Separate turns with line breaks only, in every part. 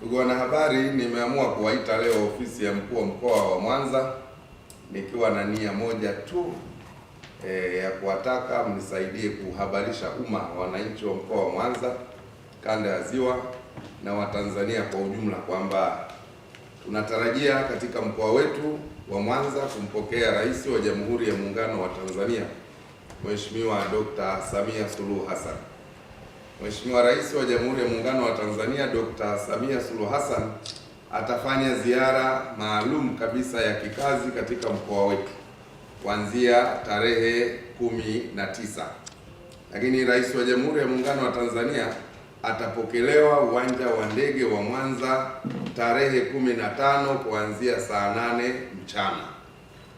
Ndugu wanahabari, nimeamua kuwaita leo ofisi ya mkuu wa mkoa wa Mwanza nikiwa na nia moja tu e, ya kuwataka mnisaidie kuhabarisha umma wananchi wa mkoa wa Mwanza, kanda ya Ziwa na Watanzania kwa ujumla kwamba tunatarajia katika mkoa wetu wa Mwanza kumpokea Rais wa Jamhuri ya Muungano wa Tanzania Mheshimiwa Dr. Samia Suluhu Hassan. Mheshimiwa Rais wa Jamhuri ya Muungano wa Tanzania Dr. Samia Suluhu Hassan atafanya ziara maalum kabisa ya kikazi katika mkoa wetu kuanzia tarehe kumi na tisa, lakini Rais wa Jamhuri ya Muungano wa Tanzania atapokelewa uwanja wa ndege wa Mwanza tarehe kumi na tano kuanzia saa nane mchana.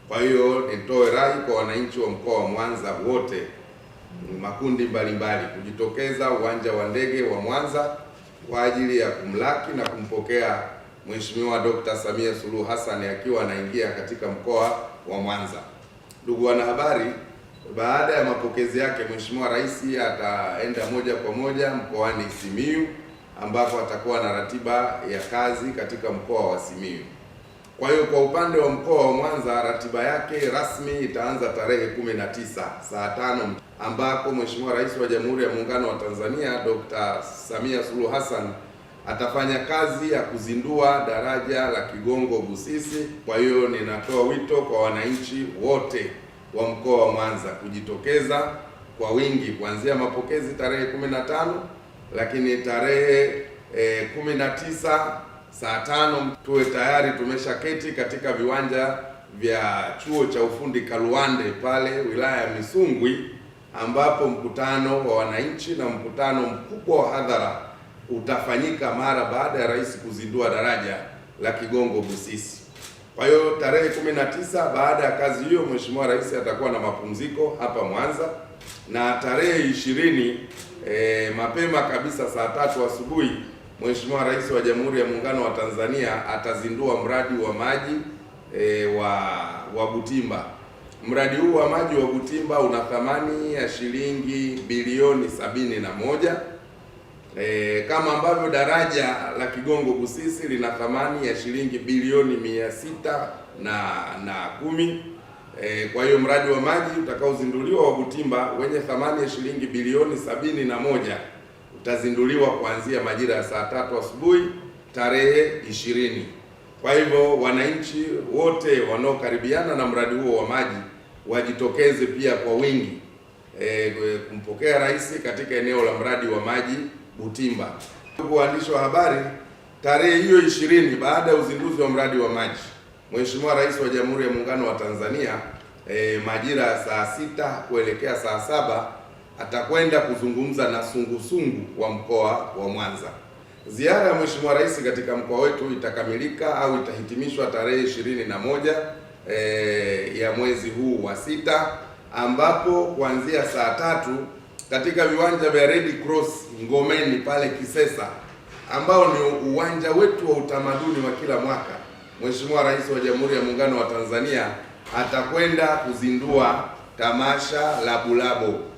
Kwa hiyo nitoe rai kwa wananchi wa mkoa wa Mwanza wote makundi mbalimbali kujitokeza uwanja wa ndege wa Mwanza kwa ajili ya kumlaki na kumpokea Mheshimiwa Dr. Samia Suluhu Hassan akiwa anaingia katika mkoa wa Mwanza. Ndugu wanahabari, baada ya mapokezi yake Mheshimiwa Rais ataenda moja kwa moja mkoani Simiyu ambapo atakuwa na ratiba ya kazi katika mkoa wa Simiyu. Kwa hiyo kwa upande wa mkoa wa Mwanza, ratiba yake rasmi itaanza tarehe kumi na tisa saa tano ambapo Mheshimiwa Rais wa Jamhuri ya Muungano wa Tanzania Dr. Samia Suluhu Hassan atafanya kazi ya kuzindua daraja la Kigongo Busisi. Kwa hiyo ninatoa wito kwa wananchi wote wa mkoa wa Mwanza kujitokeza kwa wingi kuanzia mapokezi tarehe 15 lakini tarehe eh, 19 saa tano tuwe tayari tumesha keti katika viwanja vya chuo cha ufundi Kaluande pale wilaya ya Misungwi, ambapo mkutano wa wananchi na mkutano mkubwa wa hadhara utafanyika mara baada ya rais kuzindua daraja la Kigongo Busisi. Kwa hiyo tarehe 19 baada ya kazi hiyo, mheshimiwa rais atakuwa na mapumziko hapa Mwanza, na tarehe ishirini e, mapema kabisa saa tatu asubuhi Mheshimiwa Rais wa Jamhuri ya Muungano wa Tanzania atazindua mradi wa maji e, wa wa Butimba. Mradi huu wa maji wa Butimba una thamani ya shilingi bilioni sabini na moja e, kama ambavyo daraja la Kigongo Busisi lina thamani ya shilingi bilioni mia sita na na kumi. E, kwa hiyo mradi wa maji utakaozinduliwa wa Butimba wenye thamani ya shilingi bilioni sabini na moja utazinduliwa kuanzia majira ya saa tatu asubuhi tarehe ishirini. Kwa hivyo wananchi wote wanaokaribiana na mradi huo wa maji wajitokeze pia kwa wingi e, kumpokea rais katika eneo la mradi wa maji Butimba. Ndugu waandishi wa habari, tarehe hiyo ishirini baada ya uzinduzi wa mradi wa maji, Mheshimiwa Rais wa Jamhuri ya Muungano wa Tanzania e, majira ya saa sita kuelekea saa saba atakwenda kuzungumza na sungusungu wa mkoa wa Mwanza. Ziara ya Mheshimiwa Rais katika mkoa wetu itakamilika au itahitimishwa tarehe ishirini na moja e, ya mwezi huu wa sita ambapo kuanzia saa tatu katika viwanja vya Red Cross Ngomeni pale Kisesa ambao ni uwanja wetu wa utamaduni wa kila mwaka, Mheshimiwa Rais wa Jamhuri ya Muungano wa Tanzania atakwenda kuzindua tamasha la Bulabo